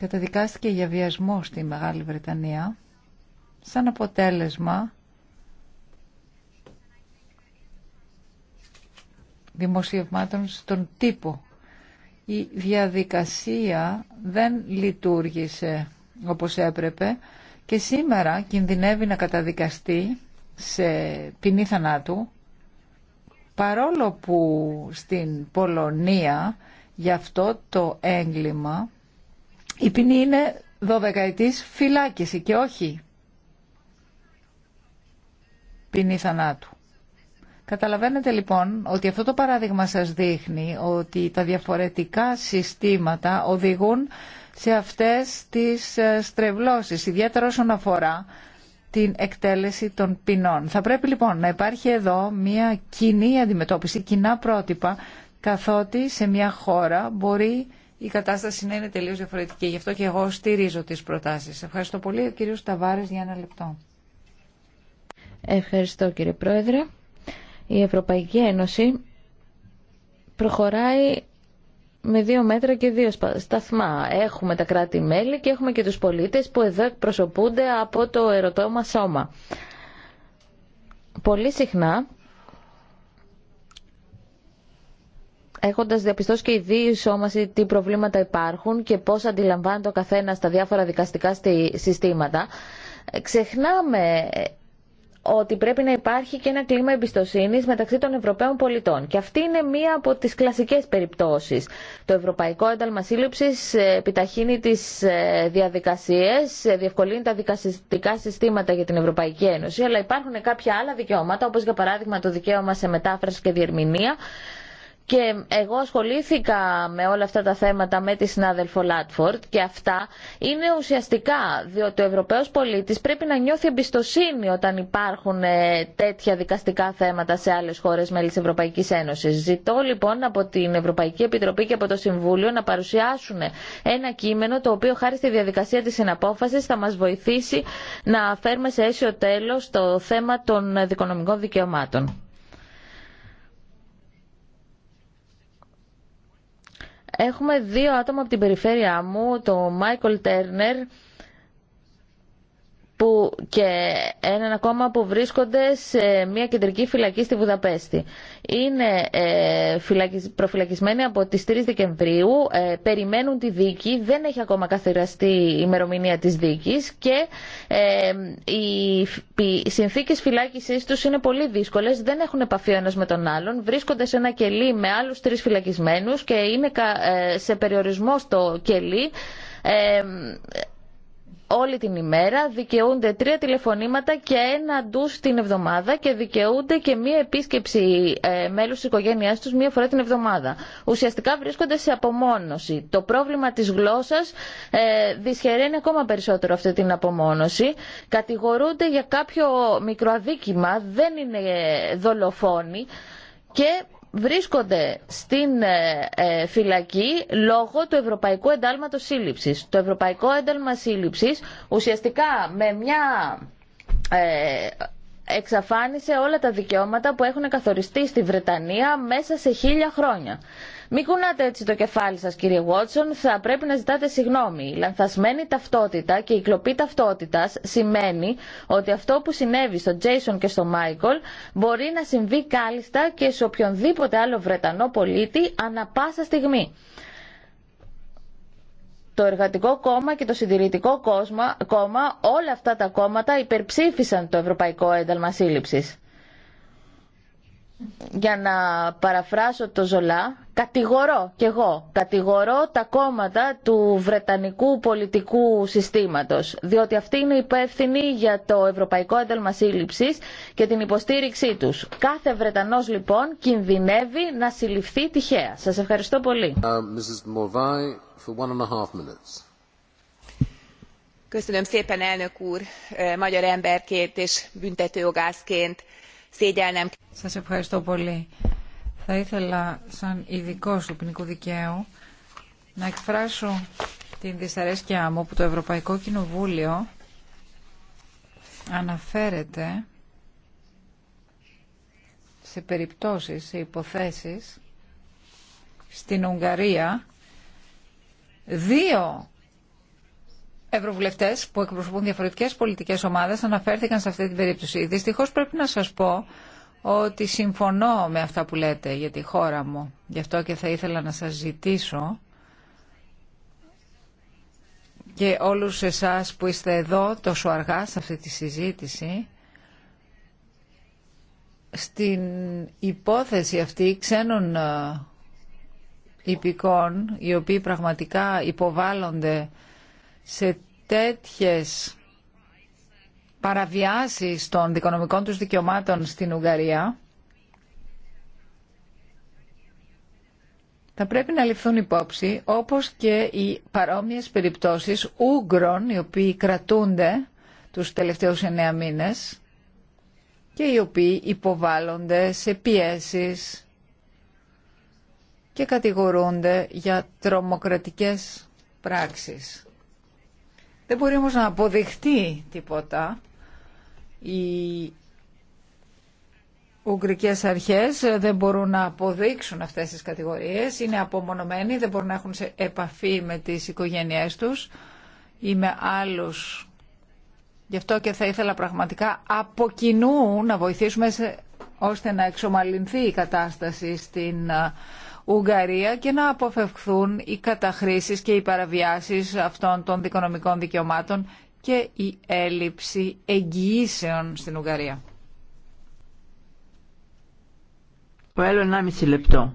καταδικάστηκε για βιασμό στη Μεγάλη Βρετανία σαν αποτέλεσμα δημοσιευμάτων στον τύπο. Η διαδικασία δεν λειτουργήσε όπως έπρεπε και σήμερα κινδυνεύει να καταδικαστεί σε ποινή θανάτου παρόλο που στην Πολωνία για αυτό το έγκλημα η ποινή είναι 12 ετής φυλάκιση και όχι ποινή θανάτου. Καταλαβαίνετε λοιπόν ότι αυτό το παράδειγμα σας δείχνει ότι τα διαφορετικά συστήματα οδηγούν σε αυτές τις ε, στρεβλώσεις, ιδιαίτερα όσον αφορά την εκτέλεση των ποινών. Θα πρέπει λοιπόν να υπάρχει εδώ μια κοινή αντιμετώπιση, κοινά πρότυπα, καθότι σε μια χώρα μπορεί η κατάσταση να είναι τελείως διαφορετική. Γι' αυτό και εγώ στηρίζω τις προτάσεις. Ευχαριστώ πολύ. Ο κύριος για ένα λεπτό. Ευχαριστώ κύριε Πρόεδρε. Η Ευρωπαϊκή Ένωση προχωράει με δύο μέτρα και δύο σταθμά. Έχουμε τα κράτη-μέλη και έχουμε και τους πολίτες που εδώ εκπροσωπούνται από το ερωτώμα σώμα. Πολύ συχνά, έχοντας διαπιστώσει και οι δύο σώμασοι τι προβλήματα υπάρχουν και πώς αντιλαμβάνεται ο καθένας τα διάφορα δικαστικά συστήματα, ξεχνάμε ότι πρέπει να υπάρχει και ένα κλίμα εμπιστοσύνης μεταξύ των Ευρωπαίων πολιτών. Και αυτή είναι μία από τις κλασικές περιπτώσεις. Το Ευρωπαϊκό Ένταλμα Σύλληψης ε, επιταχύνει τις ε, διαδικασίες, ε, διευκολύνει τα δικαστικά συστήματα για την Ευρωπαϊκή Ένωση, αλλά υπάρχουν κάποια άλλα δικαιώματα, όπως για παράδειγμα το δικαίωμα σε μετάφραση και διερμηνία, και εγώ ασχολήθηκα με όλα αυτά τα θέματα με τη συνάδελφο Λάτφορντ και αυτά είναι ουσιαστικά, διότι ο Ευρωπαίος πολίτης πρέπει να νιώθει εμπιστοσύνη όταν υπάρχουν ε, τέτοια δικαστικά θέματα σε άλλες χώρες μέλη της Ευρωπαϊκής Ένωσης. Ζητώ λοιπόν από την Ευρωπαϊκή Επιτροπή και από το Συμβούλιο να παρουσιάσουν ένα κείμενο το οποίο χάρη στη διαδικασία της συναπόφασης θα μας βοηθήσει να φέρουμε σε αίσιο τέλος το θέμα των δικονομικών δικαιωμάτων. Έχουμε δύο άτομα από την περιφέρειά μου, το Μάικολ Τέρνερ που και έναν ακόμα που βρίσκονται σε μια κεντρική φυλακή στη Βουδαπέστη. Είναι ε, προφυλακισμένοι από τις 3 Δεκεμβρίου, ε, περιμένουν τη δίκη, δεν έχει ακόμα καθυραστεί η ημερομηνία της δίκης και ε, οι συνθήκες φυλάκισής τους είναι πολύ δύσκολες, δεν έχουν επαφή ο ένας με τον άλλον, βρίσκονται σε ένα κελί με άλλους τρεις φυλακισμένους και είναι σε περιορισμό στο κελί όλη την ημέρα, δικαιούνται τρία τηλεφωνήματα και ένα ντού την εβδομάδα και δικαιούνται και μία επίσκεψη ε, μέλους της οικογένειάς τους μία φορά την εβδομάδα. Ουσιαστικά βρίσκονται σε απομόνωση. Το πρόβλημα της γλώσσας ε, δυσχεραίνει ακόμα περισσότερο αυτή την απομόνωση. Κατηγορούνται για κάποιο μικροαδίκημα, δεν είναι δολοφόνοι και βρίσκονται στην ε, ε, φυλακή λόγω του Ευρωπαϊκού Εντάλματος Σύλληψης. Το Ευρωπαϊκό Ένταλμα Σύλληψης ουσιαστικά με μια ε, εξαφάνισε όλα τα δικαιώματα που έχουν καθοριστεί στη Βρετανία μέσα σε χίλια χρόνια. Μην κουνάτε έτσι το κεφάλι σας κύριε Βότσον, θα πρέπει να ζητάτε συγγνώμη. Η λανθασμένη ταυτότητα και η κλοπή ταυτότητας σημαίνει ότι αυτό που συνέβη στον Τζέισον και στον Μάικολ μπορεί να συμβεί κάλλιστα και σε οποιονδήποτε άλλο Βρετανό πολίτη ανα πάσα στιγμή το Εργατικό Κόμμα και το Συντηρητικό κόμμα, όλα αυτά τα κόμματα υπερψήφισαν το Ευρωπαϊκό Ένταλμα Σύλληψης. Για να παραφράσω το Ζολά, Κατηγορώ και εγώ, κατηγορώ τα κόμματα του Βρετανικού πολιτικού συστήματος, διότι αυτοί είναι υπεύθυνοι για το Ευρωπαϊκό Ένταλμα Σύλληψης και την υποστήριξή τους. Κάθε Βρετανός λοιπόν κινδυνεύει να συλληφθεί τυχαία. Σας ευχαριστώ πολύ. Uh, Köszönöm szépen, elnök úr, eh, magyar emberként és büntetőjogászként szégyelnem. Σας ευχαριστώ πολύ. Θα ήθελα σαν ειδικό του ποινικού δικαίου να εκφράσω την δυσαρέσκειά μου που το Ευρωπαϊκό Κοινοβούλιο αναφέρεται σε περιπτώσεις, σε υποθέσεις στην Ουγγαρία δύο ευρωβουλευτές που εκπροσωπούν διαφορετικές πολιτικές ομάδες αναφέρθηκαν σε αυτή την περίπτωση. Δυστυχώς πρέπει να σας πω ότι συμφωνώ με αυτά που λέτε για τη χώρα μου. Γι' αυτό και θα ήθελα να σας ζητήσω και όλους εσάς που είστε εδώ τόσο αργά σε αυτή τη συζήτηση στην υπόθεση αυτή ξένων ε, υπηκών οι οποίοι πραγματικά υποβάλλονται σε τέτοιες παραβιάσεις των δικονομικών τους δικαιωμάτων στην Ουγγαρία θα πρέπει να ληφθούν υπόψη όπως και οι παρόμοιες περιπτώσεις Ούγγρων οι οποίοι κρατούνται τους τελευταίους εννέα μήνες και οι οποίοι υποβάλλονται σε πιέσεις και κατηγορούνται για τρομοκρατικές πράξεις. Δεν μπορεί όμως να αποδειχτεί τίποτα οι Ουγγρικές αρχές δεν μπορούν να αποδείξουν αυτές τις κατηγορίες, είναι απομονωμένοι, δεν μπορούν να έχουν σε επαφή με τις οικογένειές τους ή με άλλους. Γι' αυτό και θα ήθελα πραγματικά από κοινού να βοηθήσουμε ώστε να εξομαλυνθεί η κατάσταση στην Ουγγαρία και να αποφευχθούν οι καταχρήσεις και οι παραβιάσεις αυτών των δικονομικών δικαιωμάτων και η έλλειψη εγγυήσεων στην Ουγγαρία. ένα 1,5 λεπτό.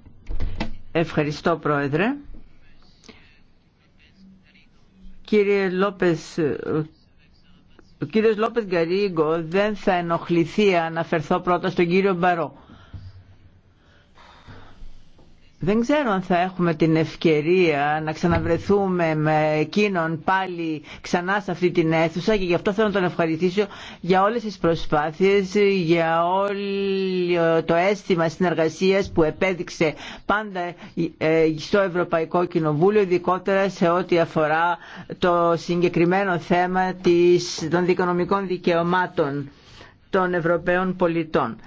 Ευχαριστώ Πρόεδρε. Κύριε Λόπες, ο κύριος Λόπες Γκαρίγκο δεν θα ενοχληθεί αν αναφερθώ πρώτα στον κύριο Μπαρό. Δεν ξέρω αν θα έχουμε την ευκαιρία να ξαναβρεθούμε με εκείνον πάλι ξανά σε αυτή την αίθουσα και γι' αυτό θέλω να τον ευχαριστήσω για όλες τις προσπάθειες, για όλο το αίσθημα συνεργασίας που επέδειξε πάντα ε, στο Ευρωπαϊκό Κοινοβούλιο, ειδικότερα σε ό,τι αφορά το συγκεκριμένο θέμα των δικονομικών δικαιωμάτων των Ευρωπαίων πολιτών.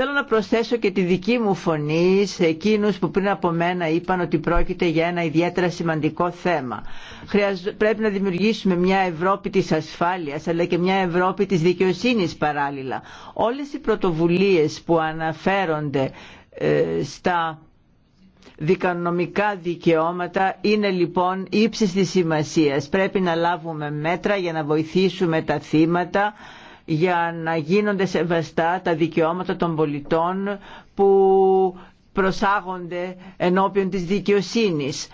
Θέλω να προσθέσω και τη δική μου φωνή σε εκείνους που πριν από μένα είπαν ότι πρόκειται για ένα ιδιαίτερα σημαντικό θέμα. Πρέπει να δημιουργήσουμε μια Ευρώπη της ασφάλειας αλλά και μια Ευρώπη της δικαιοσύνης παράλληλα. Όλες οι πρωτοβουλίες που αναφέρονται ε, στα δικανομικά δικαιώματα είναι λοιπόν ύψης της σημασίας. Πρέπει να λάβουμε μέτρα για να βοηθήσουμε τα θύματα για να γίνονται σεβαστά τα δικαιώματα των πολιτών που προσάγονται ενώπιον της δικαιοσύνης.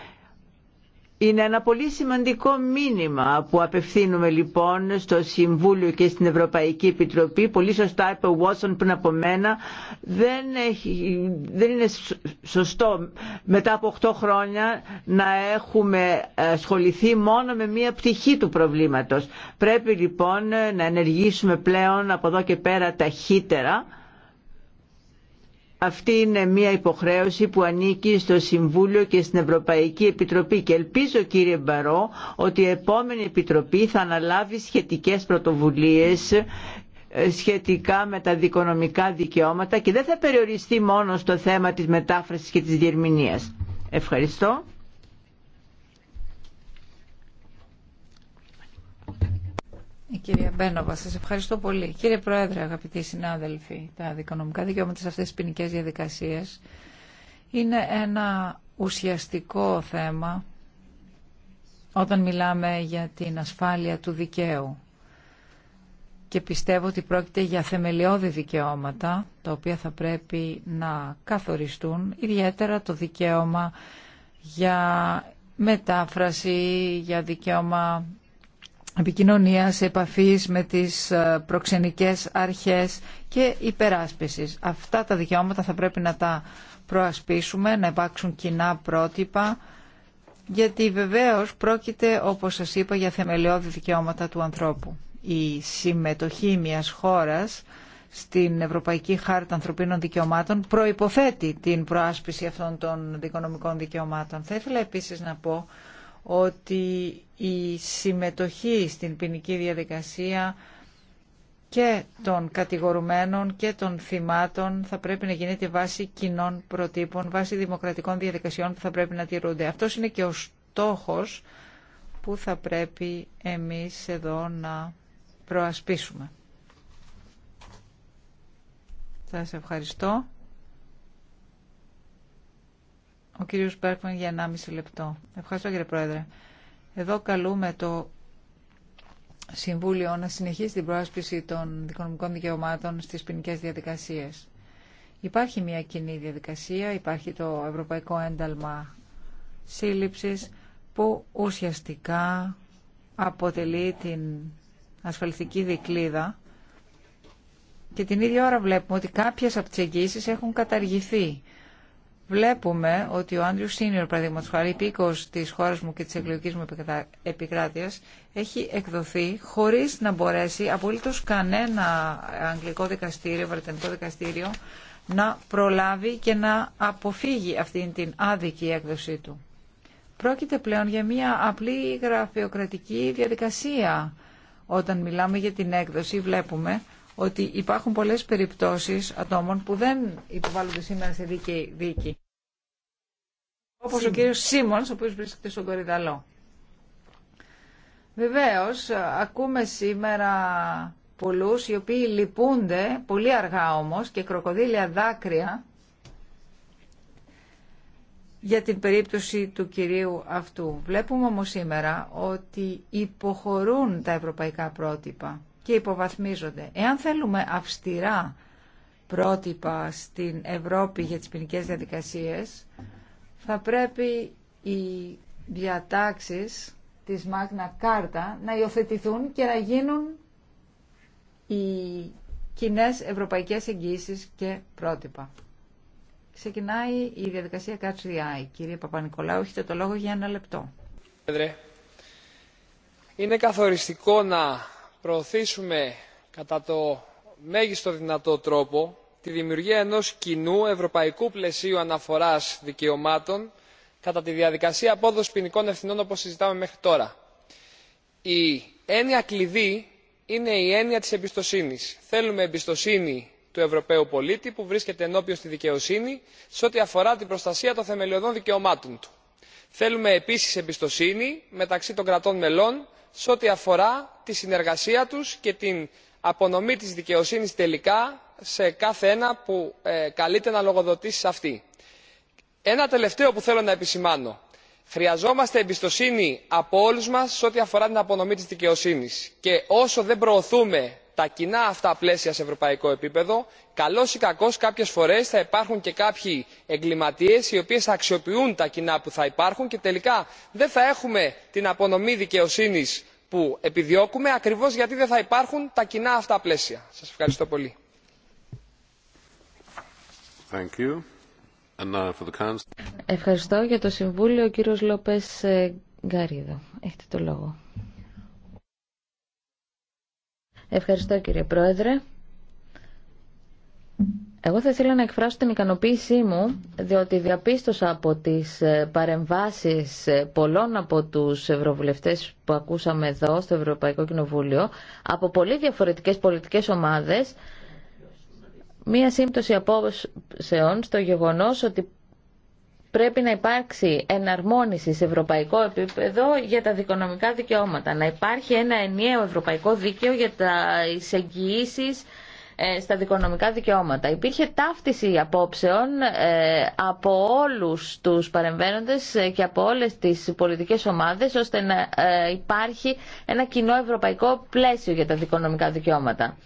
Είναι ένα πολύ σημαντικό μήνυμα που απευθύνουμε λοιπόν στο Συμβούλιο και στην Ευρωπαϊκή Επιτροπή. Πολύ σωστά είπε ο Βότσον πριν από μένα. Δεν, δεν είναι σωστό μετά από 8 χρόνια να έχουμε ασχοληθεί μόνο με μία πτυχή του προβλήματος. Πρέπει λοιπόν να ενεργήσουμε πλέον από εδώ και πέρα ταχύτερα αυτή είναι μια υποχρέωση που ανήκει στο Συμβούλιο και στην Ευρωπαϊκή Επιτροπή και ελπίζω κύριε Μπαρό ότι η επόμενη Επιτροπή θα αναλάβει σχετικές πρωτοβουλίες ε, σχετικά με τα δικονομικά δικαιώματα και δεν θα περιοριστεί μόνο στο θέμα της μετάφρασης και της διερμηνίας. Ευχαριστώ. Η κυρία Μπένοβα, σας ευχαριστώ πολύ. Κύριε Πρόεδρε, αγαπητοί συνάδελφοι, τα δικονομικά δικαιώματα σε αυτές τις ποινικέ διαδικασίες είναι ένα ουσιαστικό θέμα όταν μιλάμε για την ασφάλεια του δικαίου. Και πιστεύω ότι πρόκειται για θεμελιώδη δικαιώματα, τα οποία θα πρέπει να καθοριστούν, ιδιαίτερα το δικαίωμα για μετάφραση, για δικαίωμα επικοινωνίας, επαφής με τις ε, προξενικές αρχές και υπεράσπισης. Αυτά τα δικαιώματα θα πρέπει να τα προασπίσουμε, να υπάρξουν κοινά πρότυπα, γιατί βεβαίως πρόκειται, όπως σας είπα, για θεμελιώδη δικαιώματα του ανθρώπου. Η συμμετοχή μιας χώρας στην Ευρωπαϊκή Χάρτα Ανθρωπίνων Δικαιωμάτων προϋποθέτει την προάσπιση αυτών των δικονομικών δικαιωμάτων. Θα ήθελα επίσης να πω ότι η συμμετοχή στην ποινική διαδικασία και των κατηγορουμένων και των θυμάτων θα πρέπει να γίνεται βάσει κοινών προτύπων, βάσει δημοκρατικών διαδικασιών που θα πρέπει να τηρούνται. Αυτός είναι και ο στόχος που θα πρέπει εμείς εδώ να προασπίσουμε. Σας ευχαριστώ. Ο κύριος Πέρκμαν για 1,5 λεπτό. Ευχαριστώ κύριε Πρόεδρε. Εδώ καλούμε το Συμβούλιο να συνεχίσει την προάσπιση των δικονομικών δικαιωμάτων στις ποινικέ διαδικασίες. Υπάρχει μια κοινή διαδικασία, υπάρχει το Ευρωπαϊκό Ένταλμα Σύλληψης που ουσιαστικά αποτελεί την ασφαλιστική δικλίδα και την ίδια ώρα βλέπουμε ότι κάποιες από τις εγγύσεις έχουν καταργηθεί βλέπουμε ότι ο Άντριου Σίνιορ, παραδείγματο χάρη, υπήκος τη χώρα μου και τη εκλογική μου επικράτεια, έχει εκδοθεί χωρίς να μπορέσει απολύτω κανένα αγγλικό δικαστήριο, βρετανικό δικαστήριο, να προλάβει και να αποφύγει αυτή την άδικη έκδοσή του. Πρόκειται πλέον για μια απλή γραφειοκρατική διαδικασία. Όταν μιλάμε για την έκδοση βλέπουμε ότι υπάρχουν πολλές περιπτώσεις ατόμων που δεν υποβάλλονται σήμερα σε δίκαιη δίκη. Όπως ο κύριος Σίμονς, ο οποίος βρίσκεται στον Κορυδαλό. Βεβαίως, ακούμε σήμερα πολλούς οι οποίοι λυπούνται, πολύ αργά όμως, και κροκοδίλια δάκρυα για την περίπτωση του κυρίου αυτού. Βλέπουμε όμως σήμερα ότι υποχωρούν τα ευρωπαϊκά πρότυπα και υποβαθμίζονται. Εάν θέλουμε αυστηρά πρότυπα στην Ευρώπη για τις ποινικέ διαδικασίες, θα πρέπει οι διατάξεις της Μάγνα Κάρτα να υιοθετηθούν και να γίνουν οι κοινέ ευρωπαϊκές εγγύσεις και πρότυπα. Ξεκινάει η διαδικασία Catch Κύριε Παπα-Νικολάου, έχετε το λόγο για ένα λεπτό. Είναι καθοριστικό να προωθήσουμε κατά το μέγιστο δυνατό τρόπο τη δημιουργία ενός κοινού ευρωπαϊκού πλαισίου αναφοράς δικαιωμάτων κατά τη διαδικασία απόδοσης ποινικών ευθυνών όπως συζητάμε μέχρι τώρα. η έννοια κλειδί είναι η έννοια της εμπιστοσύνης. θέλουμε εμπιστοσύνη του ευρωπαίου πολίτη που βρίσκεται ενώπιον στη δικαιοσύνη σε ό,τι αφορά την προστασία των θεμελιωδών δικαιωμάτων του. θέλουμε επίσης εμπιστοσύνη μεταξύ των κρατών μελών σε ό,τι αφορά τη συνεργασία τους και την απονομή της δικαιοσύνης τελικά σε κάθε ένα που ε, καλείται να λογοδοτήσει σε αυτή. ένα τελευταίο που θέλω να επισημάνω χρειαζόμαστε εμπιστοσύνη από όλους μας σε ό,τι αφορά την απονομή της δικαιοσύνης και όσο δεν προωθούμε τα κοινά αυτά πλαίσια σε ευρωπαϊκό επίπεδο καλώς ή κακώς κάποιες φορές θα υπάρχουν και κάποιοι εγκληματίες οι οποίοι θα αξιοποιούν τα κοινά που θα υπάρχουν και τελικά δεν θα έχουμε την απονομή δικαιοσύνης που επιδιώκουμε ακριβώς γιατί δεν θα υπάρχουν τα κοινά αυτά πλαίσια. Σας ευχαριστώ πολύ. Ευχαριστώ για το Συμβούλιο κύριος Λόπες ε, Γκάριδο. Έχετε το λόγο. Ευχαριστώ κύριε Πρόεδρε. Εγώ θα ήθελα να εκφράσω την ικανοποίησή μου, διότι διαπίστωσα από τις ε, παρεμβάσεις ε, πολλών από τους ευρωβουλευτές που ακούσαμε εδώ στο Ευρωπαϊκό Κοινοβούλιο, από πολύ διαφορετικές πολιτικές ομάδες, μία σύμπτωση απόψεων στο γεγονός ότι πρέπει να υπάρξει εναρμόνιση σε ευρωπαϊκό επίπεδο για τα δικονομικά δικαιώματα. Να υπάρχει ένα ενιαίο ευρωπαϊκό δίκαιο για τα εγγυήσεις ε, στα δικονομικά δικαιώματα. Υπήρχε ταύτιση απόψεων ε, από όλους τους παρεμβαίνοντες ε, και από όλες τις πολιτικές ομάδες ώστε να υπάρχει ένα κοινό ευρωπαϊκό πλαίσιο για τα δικονομικά δικαιώματα.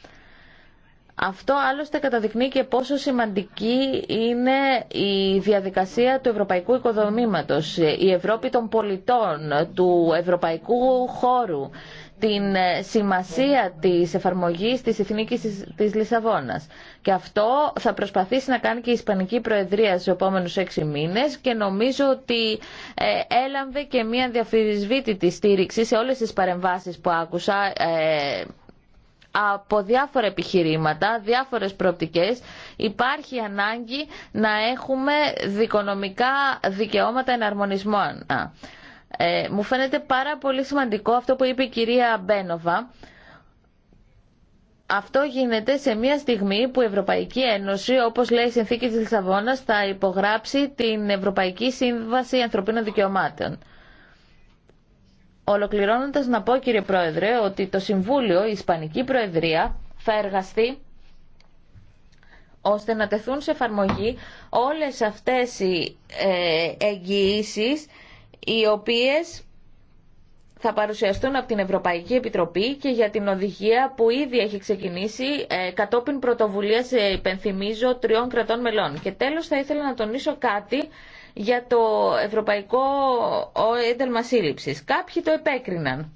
Αυτό άλλωστε καταδεικνύει και πόσο σημαντική είναι η διαδικασία του ευρωπαϊκού οικοδομήματος, η Ευρώπη των πολιτών, του ευρωπαϊκού χώρου, την ε, σημασία της εφαρμογής της Εθνικής της Λισαβόνας. Και αυτό θα προσπαθήσει να κάνει και η Ισπανική Προεδρία στους επόμενους έξι μήνες και νομίζω ότι ε, έλαβε και μια διαφυρισβήτητη στήριξη σε όλες τις παρεμβάσεις που άκουσα ε, από διάφορα επιχειρήματα, διάφορες προοπτικές. Υπάρχει ανάγκη να έχουμε δικονομικά δικαιώματα εναρμονισμών. Ε, μου φαίνεται πάρα πολύ σημαντικό αυτό που είπε η κυρία Μπένοβα. Αυτό γίνεται σε μια στιγμή που η Ευρωπαϊκή Ένωση, όπως λέει η Συνθήκη της Λισαβόνας, θα υπογράψει την Ευρωπαϊκή Σύμβαση Ανθρωπίνων Δικαιωμάτων. Ολοκληρώνοντας να πω κύριε Πρόεδρε ότι το Συμβούλιο, η Ισπανική Προεδρία θα εργαστεί ώστε να τεθούν σε εφαρμογή όλες αυτές οι ε, εγγυήσεις οι οποίες θα παρουσιαστούν από την Ευρωπαϊκή Επιτροπή και για την οδηγία που ήδη έχει ξεκινήσει ε, κατόπιν πρωτοβουλία, ε, υπενθυμίζω, τριών κρατών μελών. Και τέλος θα ήθελα να τονίσω κάτι για το Ευρωπαϊκό Ένταλμα Σύλληψη. Κάποιοι το επέκριναν.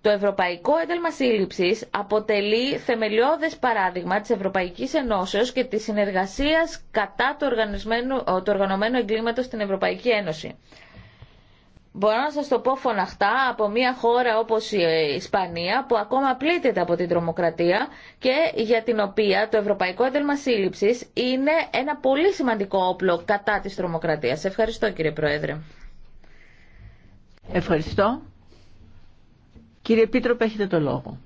Το Ευρωπαϊκό Ένταλμα Σύλληψη αποτελεί θεμελιώδες παράδειγμα της Ευρωπαϊκής Ενώσεω και τη συνεργασίας κατά του οργανωμένου εγκλήματο στην Ευρωπαϊκή Ένωση. Μπορώ να σας το πω φωναχτά από μια χώρα όπως η Ισπανία που ακόμα πλήττεται από την τρομοκρατία και για την οποία το Ευρωπαϊκό Έντελμα Σύλληψης είναι ένα πολύ σημαντικό όπλο κατά της τρομοκρατίας. Ευχαριστώ κύριε Πρόεδρε. Ευχαριστώ. Κύριε Πίτροπε έχετε το λόγο.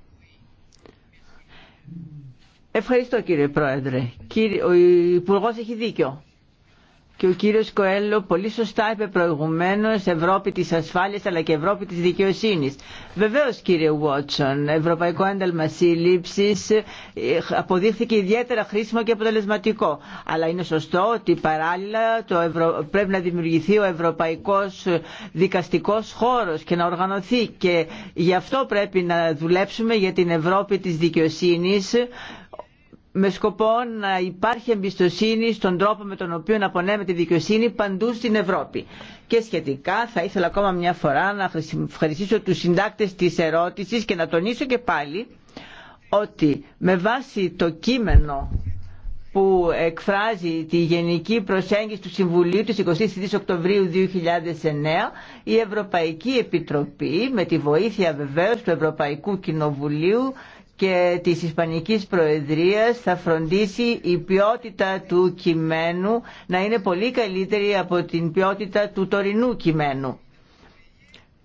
Ευχαριστώ κύριε Πρόεδρε. Ο Υπουργός έχει δίκιο και ο κύριος Κοέλλο πολύ σωστά είπε προηγουμένως Ευρώπη της ασφάλειας αλλά και Ευρώπη της δικαιοσύνης. Βεβαίως κύριε Βότσον, Ευρωπαϊκό Ένταλμα Σύλληψης ε, αποδείχθηκε ιδιαίτερα χρήσιμο και αποτελεσματικό. Αλλά είναι σωστό ότι παράλληλα το πρέπει να δημιουργηθεί ο Ευρωπαϊκός Δικαστικός Χώρος και να οργανωθεί και γι' αυτό πρέπει να δουλέψουμε για την Ευρώπη της δικαιοσύνης με σκοπό να υπάρχει εμπιστοσύνη στον τρόπο με τον οποίο απονέμε τη δικαιοσύνη παντού στην Ευρώπη. Και σχετικά θα ήθελα ακόμα μια φορά να ευχαριστήσω τους συντάκτες της ερώτησης και να τονίσω και πάλι ότι με βάση το κείμενο που εκφράζει τη γενική προσέγγιση του Συμβουλίου της 23 Οκτωβρίου 2009 η Ευρωπαϊκή Επιτροπή με τη βοήθεια βεβαίως του Ευρωπαϊκού Κοινοβουλίου και της Ισπανικής Προεδρίας θα φροντίσει η ποιότητα του κειμένου να είναι πολύ καλύτερη από την ποιότητα του τωρινού κειμένου.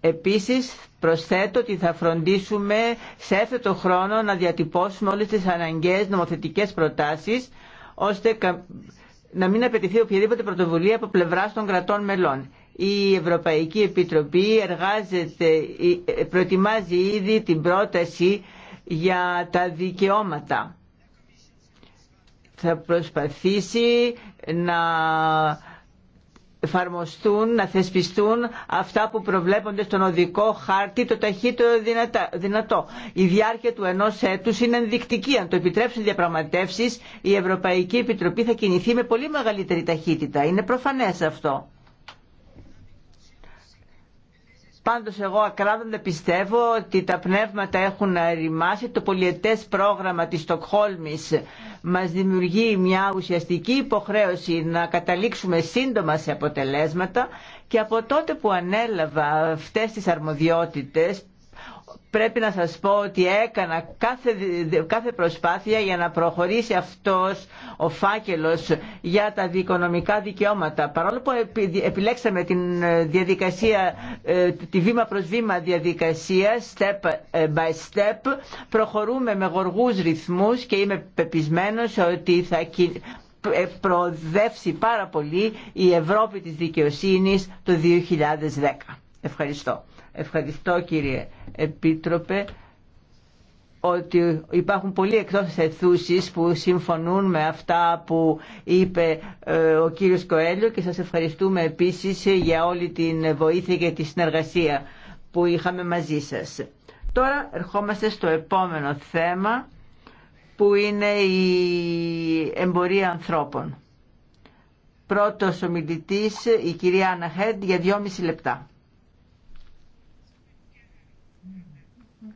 Επίσης προσθέτω ότι θα φροντίσουμε σε έφετο χρόνο να διατυπώσουμε όλες τις αναγκαίες νομοθετικές προτάσεις ώστε να μην απαιτηθεί οποιαδήποτε πρωτοβουλία από πλευρά των κρατών μελών. Η Ευρωπαϊκή Επιτροπή εργάζεται, ε, προετοιμάζει ήδη την πρόταση για τα δικαιώματα. Θα προσπαθήσει να εφαρμοστούν, να θεσπιστούν αυτά που προβλέπονται στον οδικό χάρτη το ταχύτερο δυνατό. Η διάρκεια του ενός έτους είναι ενδεικτική. Αν το επιτρέψουν οι διαπραγματεύσεις, η Ευρωπαϊκή Επιτροπή θα κινηθεί με πολύ μεγαλύτερη ταχύτητα. Είναι προφανές αυτό. Πάντως εγώ ακράδαντα πιστεύω ότι τα πνεύματα έχουν ερημάσει. Το πολιετές πρόγραμμα της Στοκχόλμης μας δημιουργεί μια ουσιαστική υποχρέωση να καταλήξουμε σύντομα σε αποτελέσματα και από τότε που ανέλαβα αυτές τις αρμοδιότητες πρέπει να σας πω ότι έκανα κάθε, προσπάθεια για να προχωρήσει αυτός ο φάκελος για τα δικονομικά δικαιώματα. Παρόλο που επιλέξαμε την ε, διαδικασία, ε, τη βήμα προς βήμα διαδικασία, step ε, by step, προχωρούμε με γοργούς ρυθμούς και είμαι πεπισμένος ότι θα προοδεύσει πάρα πολύ η Ευρώπη της δικαιοσύνης το 2010. Ευχαριστώ. Ευχαριστώ κύριε Επίτροπε ότι υπάρχουν πολλοί εκτός εθούσης που συμφωνούν με αυτά που είπε ε, ο κύριος Κοέλιο και σας ευχαριστούμε επίσης για όλη την βοήθεια και τη συνεργασία που είχαμε μαζί σας. Τώρα ερχόμαστε στο επόμενο θέμα που είναι η εμπορία ανθρώπων. Πρώτος ομιλητής η κυρία Αναχέντ για δυόμιση λεπτά.